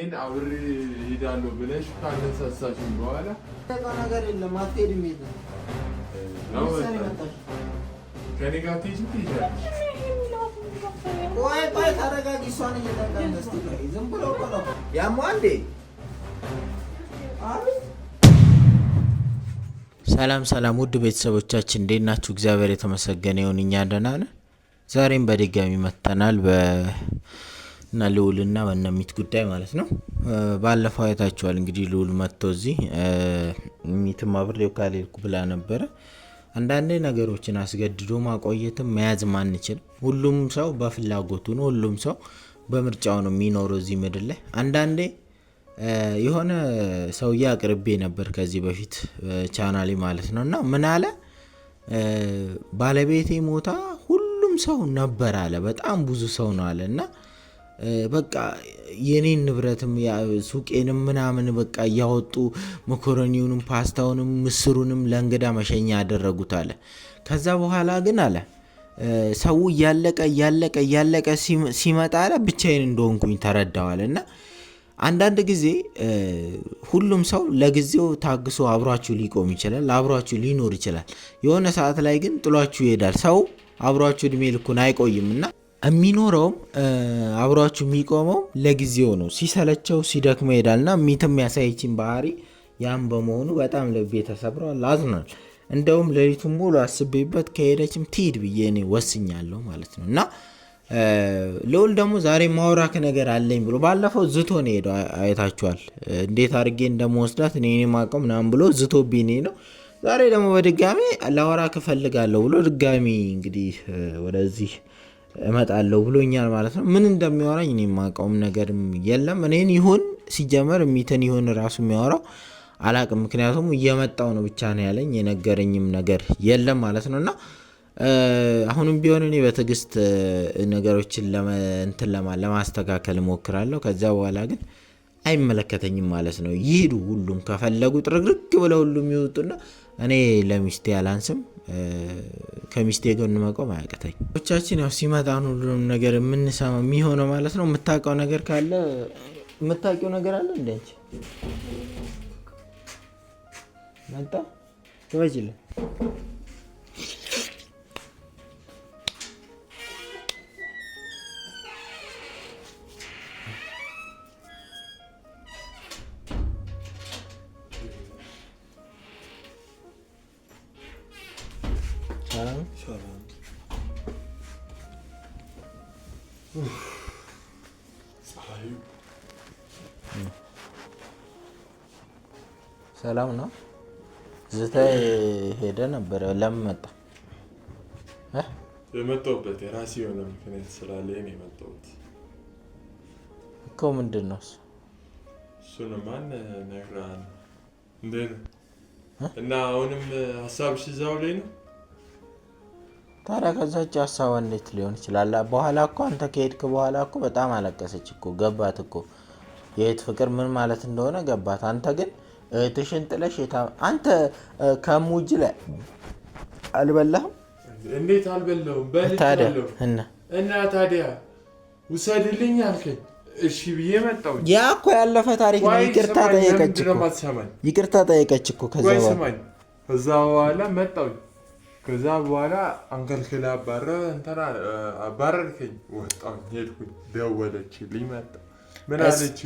ይሄን አብሬ እሄዳለሁ ብለሽ ካነሳሳሽኝ በኋላ ነገር የለም ነው ዝም ሰላም ሰላም፣ ውድ ቤተሰቦቻችን እንዴት ናችሁ? እግዚአብሔር የተመሰገነ ይሁን፣ እኛ ደህና ነን። ዛሬም በድጋሚ መጥተናል በ እና ልውልና በነሚት ጉዳይ ማለት ነው። ባለፈው አይታችኋል እንግዲህ ልውል መጥቶ እዚህ ሚትም አብሬው ካልሄድኩ ብላ ነበረ። አንዳንዴ ነገሮችን አስገድዶ ማቆየትም መያዝም አንችልም። ሁሉም ሰው በፍላጎቱ ነው፣ ሁሉም ሰው በምርጫው ነው የሚኖረው እዚህ ምድር ላይ። አንዳንዴ የሆነ ሰውዬ አቅርቤ ነበር ከዚህ በፊት ቻናሌ ማለት ነው እና ምን አለ ባለቤቴ ሞታ ሁሉም ሰው ነበር አለ፣ በጣም ብዙ ሰው ነው አለ እና በቃ የኔን ንብረትም ሱቄንም ምናምን በቃ እያወጡ መኮረኒውንም ፓስታውንም ምስሩንም ለእንግዳ መሸኛ ያደረጉት አለ። ከዛ በኋላ ግን አለ ሰው እያለቀ እያለቀ እያለቀ ሲመጣ አለ ብቻዬን እንደሆንኩኝ ተረዳዋል። እና አንዳንድ ጊዜ ሁሉም ሰው ለጊዜው ታግሶ አብሯችሁ ሊቆም ይችላል፣ አብሯችሁ ሊኖር ይችላል። የሆነ ሰዓት ላይ ግን ጥሏችሁ ይሄዳል። ሰው አብሯችሁ እድሜ ልኩን አይቆይም እና የሚኖረውም አብሯችሁ የሚቆመው ለጊዜው ነው። ሲሰለቸው ሲደክመው ይሄዳልና ሚትም ያሳይችን ባህሪ ያም በመሆኑ በጣም ልቤ ተሰብሯል፣ አዝኗል። እንደውም ሌሊቱን ሙሉ አስቤበት ከሄደችም ትሂድ ብዬ እኔ ወስኛለሁ ማለት ነው። እና ልዑል ደግሞ ዛሬ ማውራክ ነገር አለኝ ብሎ ባለፈው ዝቶ ነው ሄደው አይታችኋል። እንዴት አድርጌ እንደመወስዳት እኔ ማቀም ናም ብሎ ዝቶ ቢኔ ነው። ዛሬ ደግሞ በድጋሚ ላወራክ እፈልጋለሁ ብሎ ድጋሚ እንግዲህ ወደዚህ እመጣለሁ ብሎኛል ማለት ነው። ምን እንደሚያወራኝ እኔ የማውቀውም ነገርም የለም። እኔን ይሁን ሲጀመር የሚትን ይሁን ራሱ የሚያወራው አላቅም። ምክንያቱም እየመጣው ነው ብቻ ነው ያለኝ፣ የነገረኝም ነገር የለም ማለት ነው እና አሁንም ቢሆን እኔ በትዕግስት ነገሮችን እንትን ለማስተካከል እሞክራለሁ። ከዚያ በኋላ ግን አይመለከተኝም ማለት ነው። ይሄዱ ሁሉም ከፈለጉ ጥርግርግ ብለው ሁሉም ይወጡና እኔ ለሚስቴ አላንስም ከሚስቴ ጎን መቆም አያቅተኝ። ቻችን ያው ሲመጣ ሁሉንም ነገር የምንሰማ የሚሆነው ማለት ነው። የምታውቀው ነገር ካለ የምታውቂው ነገር አለ እንደ አንቺ መጣ ሰላም ነው። ዝተ ሄደ ነበረ። ለምን መጣ? የመጣሁበት የራሴ የሆነ ምክንያት ስላለ ነው የመጣሁት እኮ። ምንድን ነው እሱ? እሱን ማን ነግራ እንዴ እና አሁንም ሀሳብሽ እዛው ላይ ነው ታዲያ ከዛች ሀሳቧ እንዴት ሊሆን ይችላል? በኋላ እኮ አንተ ከሄድክ በኋላ እኮ በጣም አለቀሰች እኮ ገባት እኮ የእህት ፍቅር ምን ማለት እንደሆነ ገባት። አንተ ግን እህትሽን ጥለሽ አንተ ከሙጅ ላይ አልበላህም? እንዴት አልበላሁም? በልቻለሁ። እና ታዲያ ውሰድልኝ አልከኝ። እሺ ብዬ መጣሁ። ያ እኮ ያለፈ ታሪክ ነው። ይቅርታ ጠየቀች እኮ ይቅርታ ጠየቀች እኮ ከዛ በኋላ መጣሁ ከዛ በኋላ አንከልክል አባረ እንትና አባረርከኝ፣ ወጣሁ፣ ሄድኩኝ። ደወለችልኝ መጣ ምን አለች?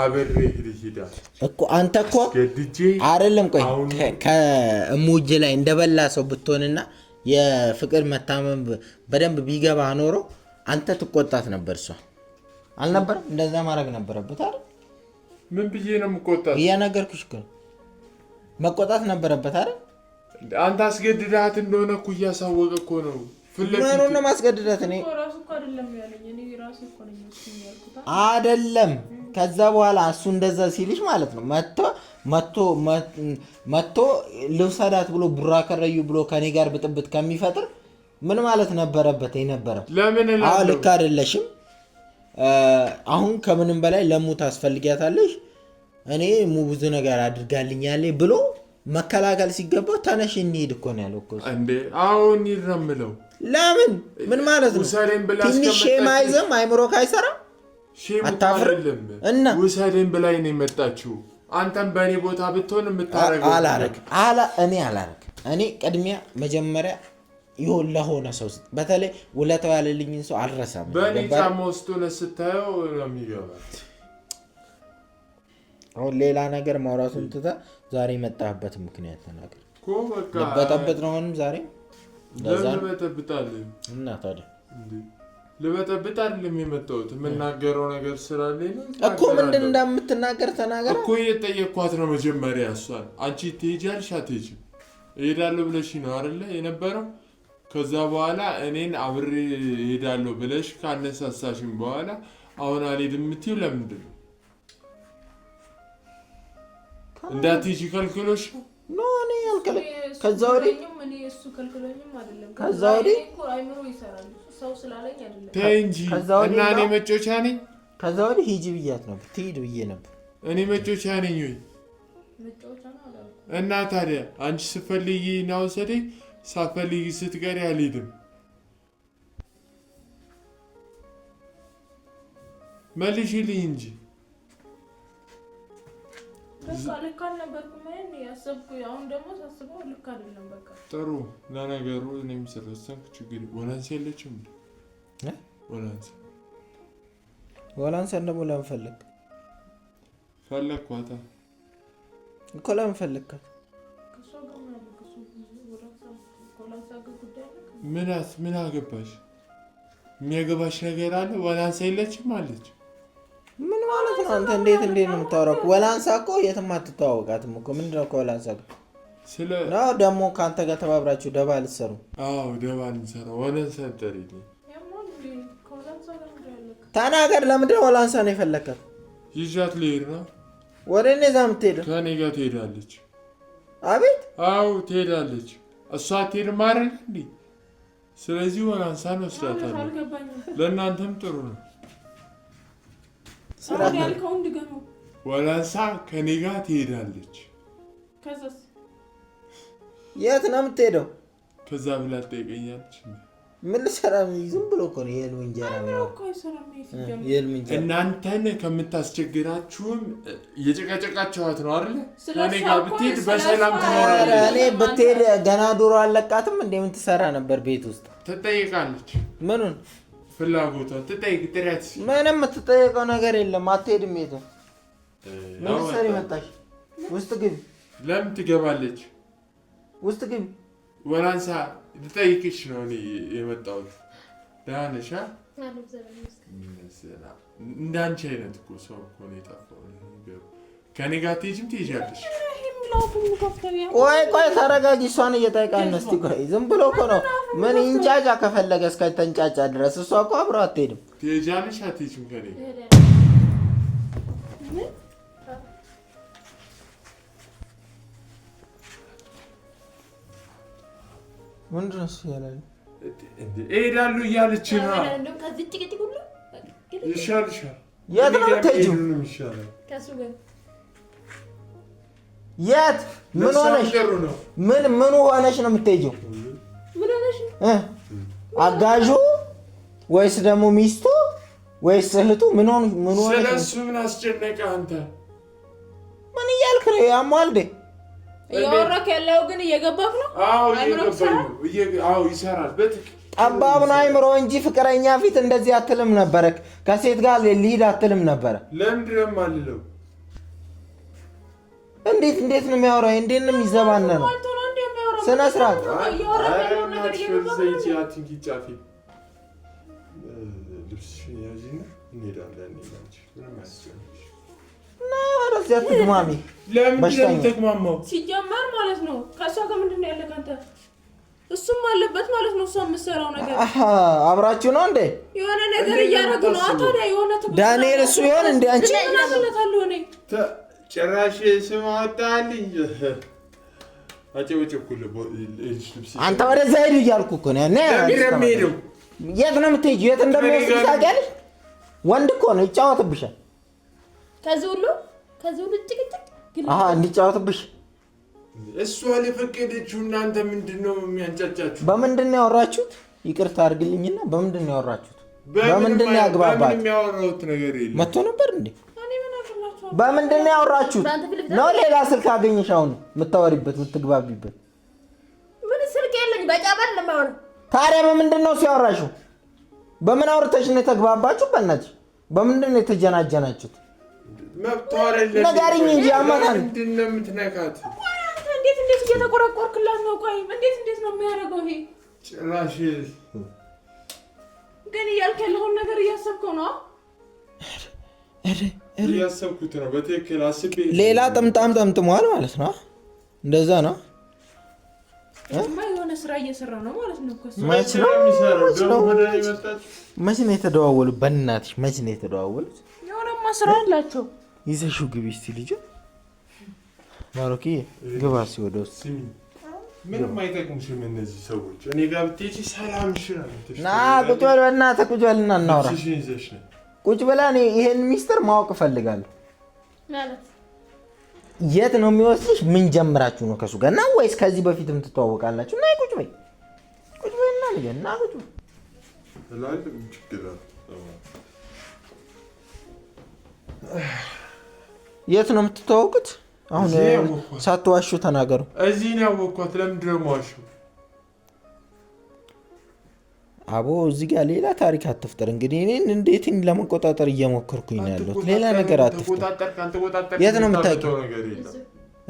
አብሬ ሂድ እኮ አንተ እኮ አይደለም። ቆይ ከእሙጅ ላይ እንደበላ ሰው ብትሆንና የፍቅር መታመም በደንብ ቢገባ ኖሮ አንተ ትቆጣት ነበር። እሷ አልነበረም እንደዛ ማድረግ ነበረበት አይደል? ምን ብዬ ነው የምቆጣት? እያነገርኩሽ እኮ መቆጣት ነበረበት አይደል? አንተ አስገድዳት እንደሆነ እኮ እያሳወቀ እኮ ነው። ምኑን ነው ማስገድዳት? እኔ አደለም። ከዛ በኋላ እሱ እንደዛ ሲልሽ ማለት ነው መቶ መቶ መቶ ልውሰዳት ብሎ ቡራ ከረዩ ብሎ ከኔ ጋር ብጥብጥ ከሚፈጥር ምን ማለት ነበረበት? የነበረው ልክ አደለሽም። አሁን ከምንም በላይ ለሙ ታስፈልጊያታለሽ። እኔ ሙ ብዙ ነገር አድርጋልኛለ ብሎ መከላከል ሲገባው ተነሽ እንሂድ እኮ ነው ያለው። አሁን ይረምለው ለምን ምን ማለት ነው? ትንሽ ሼም አይዘም አይምሮክ አይሰራም። አታፍርም? እና ውሰዴን ብላኝ ነው የመጣችው። አንተም በእኔ ቦታ ብትሆን የምታረገው አላረግም። እኔ አላረግ እኔ ቅድሚያ መጀመሪያ ይሁን ለሆነ ሰው በተለይ ውለታው ያለልኝን ሰው አልረሳም። በእኔ ጫማ ውስጥ ስታየው ነው የሚገባ። አሁን ሌላ ነገር ማውራቱን ትተህ ዛሬ የመጣህበት ምክንያት ተናገር። ልበጠብጥ ነው ምንም ዛሬ እና ታዲያ ልበጠብጥ አይደለም የመጣሁት የምናገረው ነገር ስላለኝ እኮ። ምንድን እንደምትናገር ተናገር እኮ። እየጠየኳት ነው መጀመሪያ እሷን። አንቺ ትሄጃለሽ አትሄጂም? እሄዳለሁ ብለሽ ነው አይደለ የነበረው። ከዛ በኋላ እኔን አብሬ እሄዳለሁ ብለሽ ካነሳሳሽም በኋላ አሁን አልሄድም የምትይው ለምንድን ነው? እንዳትሄጂ ከልክሎሽ ነው። እኔ አልከለ ከዛ ወዲህ ከዛ ወዲህ እና እኔ መጮቻ ነኝ። ከዛ ወዲህ ሂጂ ብያት ነበር፣ ትሂድ ብዬ ነበር። እኔ መጮቻ ነኝ ወይ እና ታዲያ አንቺ ስፈልጊ ናውሰደኝ ሳፈልጊ ስትቀሪ አልሄድም። መልሽልኝ እንጂ ልክ አልነበርኩም ጥሩ። ለነገሩ እኔም ስለወሰንክ ችግር ወላንስ የለችም። ወላንስ ወላንሳን ደግሞ ለምን ፈለግ ፈለግኳታ እኮ ለምን ፈለግካት? ምናት ምን አገባሽ? የሚያገባሽ ነገር አለ። ወላንሳ የለችም አለች ማለት ነው። አንተ እንዴት እንዴት ነው የምታወራው? ወላንሳ እኮ የትም አትተዋወቃትም እኮ ምንድን ነው ከወላንሳ ደግሞ ከአንተ ጋር ተባብራችሁ ደባ ልትሰሩ? አዎ ደባ ልትሰራ ወላንሳ ተናገር። ለምንድን ወላንሳ ነው የፈለካት? ይዣት ልሄድ ነው። ወደ እኔ እዛ የምትሄደው ከእኔ ጋር ትሄዳለች። አቤት አዎ ትሄዳለች። እሷ አትሄድም አይደል እንዴ? ስለዚህ ወላንሳን ወስዳታለሁ። ለእናንተም ጥሩ ነው። ወላንሳ ከኔ ጋር ትሄዳለች። የት ነው የምትሄደው? ከዛ ብላ ትጠይቀኛለች። ምን ልሰራ? ዝም ብሎ እኮ ነው የህልም እንጀራ። እናንተን ከምታስቸግራችሁም የጨቀጨቃችኋት ነው አይደለ? ጋር ብትሄድ በሰላም ትኖራለች። እኔ ብትሄድ ገና ዶሮ አለቃትም እንደምን ትሰራ ነበር ቤት ውስጥ ትጠይቃለች። ምኑን ፍላጎቷ ትጠይቅ፣ ጥረት ምንም የምትጠየቀው ነገር የለም። አትሄድም። የትም ምን ሰሪ መጣሽ? ውስጥ ግቢ። ለምን ትገባለች? ውስጥ ግቢ። ወላንሳ ልጠይቅሽ ነው እኔ የመጣሁት። ደህና ነሽ? እንዳንቺ አይነት እኮ ሰው እኮ ነው የጠፋው። ከኔ ጋር ትሄጂም ትሄጃለሽ ቆይ ቆይ ተረጋጊ። እሷን እየጠየቃን እስቲ ቆይ ዝም ብሎ እኮ ነው። ምን ይንጫጫ ከፈለገ እስከ ተንጫጫ ድረስ እሷ እኮ አብረው አትሄድም። ትሄጃለሽ አትሄጂም ከእኔ ምንድን ነው እሱ እያላለሁ እሄዳለሁ እያለች ነው። የት ነው የምትሄጂው? የት ምን ሆነሽ ምን ምን ሆነሽ ነው የምትሄጂው? ምን ሆነሽ አጋዡ ወይስ ደግሞ ሚስቱ ወይስ እህቱ? ምን ሆነ ምን ሆነ? ስለሱ ምን አስጨነቀ? አንተ ምን እያልክ ነው? ያሟል እያወራክ ያለው ግን እየገባክ ነው። አዎ እየገባኝ ይሰራል። በትክክል ጠባብ ነው አይምሮ እንጂ ፍቅረኛ ፊት እንደዚህ አትልም ነበረ። ከሴት ጋር ሊሂድ አትልም ነበረ። ለምንድን ነው የማልለው እንዴት እንዴት ነው የሚያወራው? እንዴት ነው የሚዘባነ ነው? ስነ ስርዓት ሲጀመር ማለት ነው ከእሷ ከምንድን ነው ያለ አንተ? እሱም አለበት ማለት ነው። እሷ የምትሰራው ነገር አብራችሁ ነው እንዴ? የሆነ ነገር እያደረግን ነው። ታዲያ የሆነ ዳንኤል እሱ ይሆን እንደ አንቺ ጭራሽ ስም አወጣልኝ። አንተ ወደዛ ሄዱ እያልኩ እኮ ነው። የት ነው የምትሄጂው? የት እንደሚወስድሽ ታውቂያለሽ? ወንድ እኮ ነው ይጫወትብሻል። ከዚህ ሁሉ ከዚህ ሁሉ ጭቅጭቅ እንዲጫወትብሽ እሷ የፈቀደችው እናንተ ምንድን ነው የሚያንጫጫችሁ? በምንድን ነው ያወራችሁት? ይቅርታ አድርግልኝና በምንድን ነው ያወራችሁት? በምንድን ነው ያግባባት? መቶ ነበር እንዴ? በምንድን ነው ያወራችሁት? ነው ሌላ ስልክ አገኘሽ? አሁን የምታወሪበት የምትግባቢበት ምን ስልክ የለኝ። በጫበል ለማወራ ታዲያ በምንድን ነው ሲያወራሽው? በምን አውርተሽ ነው የተግባባችሁ? በእናትሽ በምንድን ነው የተጀናጀናችሁት? ንገሪኝ እንጂ አማታን ምንድን ነው የምትነካት? እንዴት እንዴት እየተቆረቆርክላት ነው? ቆይ እንዴት እንዴት ነው የሚያደርገው? ይሄ ጭራሽ ግን እያልክ ያለውን ነገር እያሰብከው ነው እያሰብኩት ነው። በትክክል አስቤ ሌላ ጥምጣም ጠምጥሟል ማለት ነው። እንደዛ ነው። የሆነ ስራ እየሰራ ነው ማለት መች ነው በእናትሽ መች ነው የሆነማ ስራ አላቸው። ይዘሽው ግቢ እስኪ ልጅ ማሮኪ ግባ ሲወደ ውስጥ ምንም እነዚህ ሰዎች። እኔ ጋር ብትሄጂ ሰላምሽን ና ቁጭ በል፣ በእናትህ ቁጭ በል እና እናውራ ቁጭ ብላ እኔ ይሄን ሚስጥር ማወቅ እፈልጋለሁ። የት ነው የሚወስድሽ? ምን ጀምራችሁ ነው ከሱ ጋር እና ወይስ ከዚህ በፊትም ትተዋወቃላችሁ? እና ቁጭ በይ ቁጭ በይ እና ልጄ እና ቁጭ በይ የት ነው የምትተዋወቁት? አሁን ሳትዋሹ ተናገሩ። እዚህ ነው ያወቅኳት። ለምንድን ነው የማዋሸው? አቦ እዚህ ጋር ሌላ ታሪክ አትፍጠር። እንግዲህ እኔን እንዴት ለመቆጣጠር እየሞከርኩኝ ነው ያለሁት። ሌላ ነገር አትፍጠር። የት ነው የምታውቂው?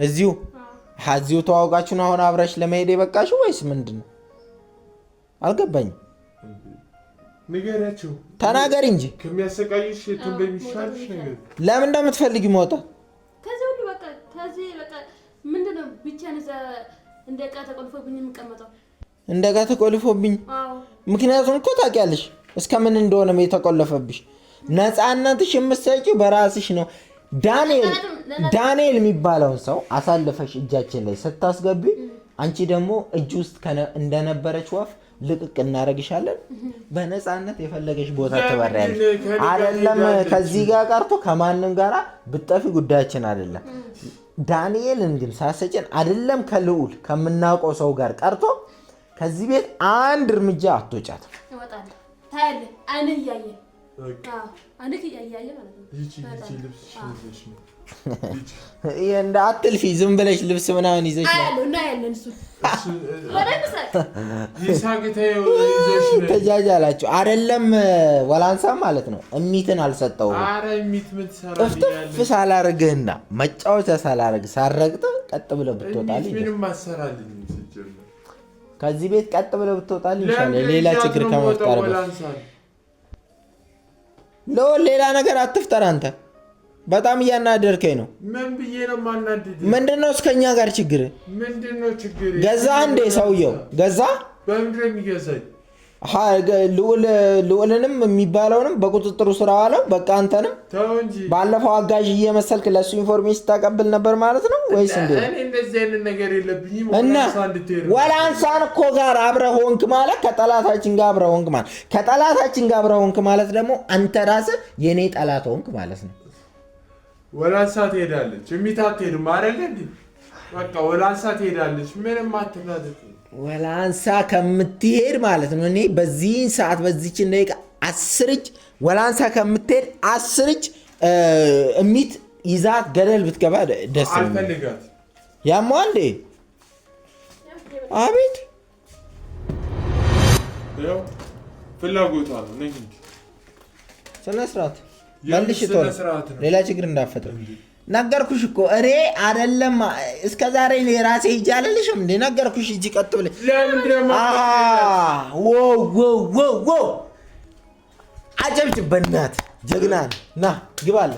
እዚሁ እዚሁ ተዋውቃችሁን? አሁን አብረሽ ለመሄድ የበቃሽ ወይስ ምንድን ነው? አልገባኝም። ንገሪያቸው፣ ተናገሪ እንጂ ከሚያሰቃይሽ የቱ እንደሚሻልሽ ነገር። ለምን እንደምትፈልጊ መውጣት ምንድን ነው ብቻ እንደ ዕቃ ተቆልፎብኝ የምቀመጠው እንደጋ ተቆልፎብኝ። ምክንያቱም እኮ ታውቂያለሽ እስከምን እንደሆነ የተቆለፈብሽ። ነፃነትሽ የምትሰጪው በራስሽ ነው። ዳንኤል የሚባለውን ሰው አሳልፈሽ እጃችን ላይ ስታስገቢ፣ አንቺ ደግሞ እጅ ውስጥ እንደነበረች ወፍ ልቅቅ እናደርግሻለን። በነፃነት የፈለገሽ ቦታ ትበሪያለሽ። አይደለም ከዚህ ጋር ቀርቶ ከማንም ጋራ ብጠፊ ጉዳያችን አይደለም። ዳንኤልን ግን ሳሰጭን አይደለም ከልዑል ከምናውቀው ሰው ጋር ቀርቶ ከዚህ ቤት አንድ እርምጃ አትወጫት። እንደ አትልፊ ዝም ብለሽ ልብስ ምናምን ይዘሽ ተጃጃላችሁ አይደለም? ወላንሳ ማለት ነው። እሚትን አልሰጠውም ጥፍጥፍ ሳላርግህና መጫወቻ ሳላርግ ሳረግጥ ቀጥ ብለህ ብትወጣልኝ ከዚህ ቤት ቀጥ ብለህ ብትወጣል ይሻላል፣ ሌላ ችግር ከመፍጠር ለወል ሌላ ነገር አትፍጠር። አንተ በጣም እያናደርከኝ ነው። ምን ምንድን ነው እስከኛ ጋር ችግር? ገዛ እንዴ ሰውየው ገዛ። በምንድን የሚገዛኝ? ልዑልንም የሚባለውንም በቁጥጥሩ ስራ ዋለው። በቃ አንተንም ባለፈው አጋዥ እየመሰልክ ለእሱ ኢንፎርሜሽን ስታቀብል ነበር ማለት ነው ወይስ እንዴት? እና ወላንሳን እኮ ጋር አብረህ ሆንክ ማለት ከጠላታችን ጋር አብረህ ሆንክ ማለት ከጠላታችን ጋር አብረህ ሆንክ ማለት ደግሞ አንተ ራስህ የእኔ ጠላት ሆንክ ማለት ነው። ወላንሳ ትሄዳለች፣ የሚታትሄድ አትሄድም በቃ ወላንሳ ትሄዳለች። ምንም አትናደድ ወላንሳ ከምትሄድ ማለት ነው። እኔ በዚህን ሰዓት በዚችን ደቂቃ አስር እጅ ወላንሳ ከምትሄድ አስር እጅ እሚት ይዛት ገደል ብትገባ ደስ ያማ እንዴ! አቤት ፍላጎቷ ነው። መልሽ፣ ሌላ ችግር እንዳፈጥር ነገርኩሽ እኮ እሬ አደለም። እስከ ዛሬ እኔ ራሴ ሂጅ አልልሽም እንዴ? ነገርኩሽ። ሂጂ ቀጥ ብለ ብለሽ አጨብጭብ። በእናትህ ጀግና ና ግባለ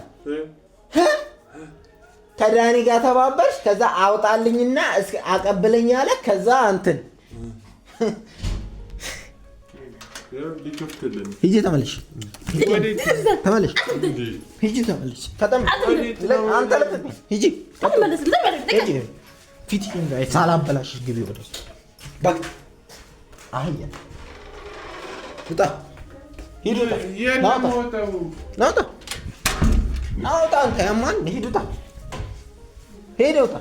ከዳኒ ጋር ተባበርሽ። ከዛ አውጣልኝና አቀብለኝ አለ። ከዛ አንትን ليك تتكلم هيجي تملش تملش هيجي تملش تتم انت لا تتم هيجي تملش هيجي ፊትሽን ጋር ሳላበላሽ ግቢ ወደ ውስጥ በቃ አህያ ውጣ ሂድ ናውጣ ናውጣ አንተ ያማን ሂድ ውጣ ሄደ ውጣ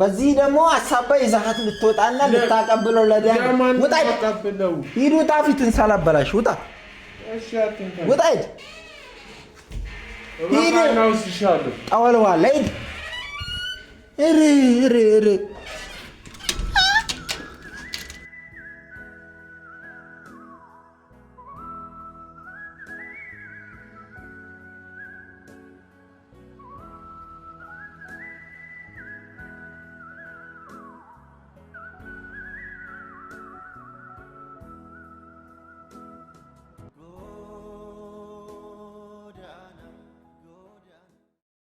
በዚህ ደግሞ አሳባ ይዛሃት ልትወጣና ልታቀብለው ለዳን ውጣ፣ ፊትን ሳላበላሽ ውጣ፣ ውጣ፣ ሂድ፣ ሂድ፣ ጠወልዋለህ፣ ሂድ።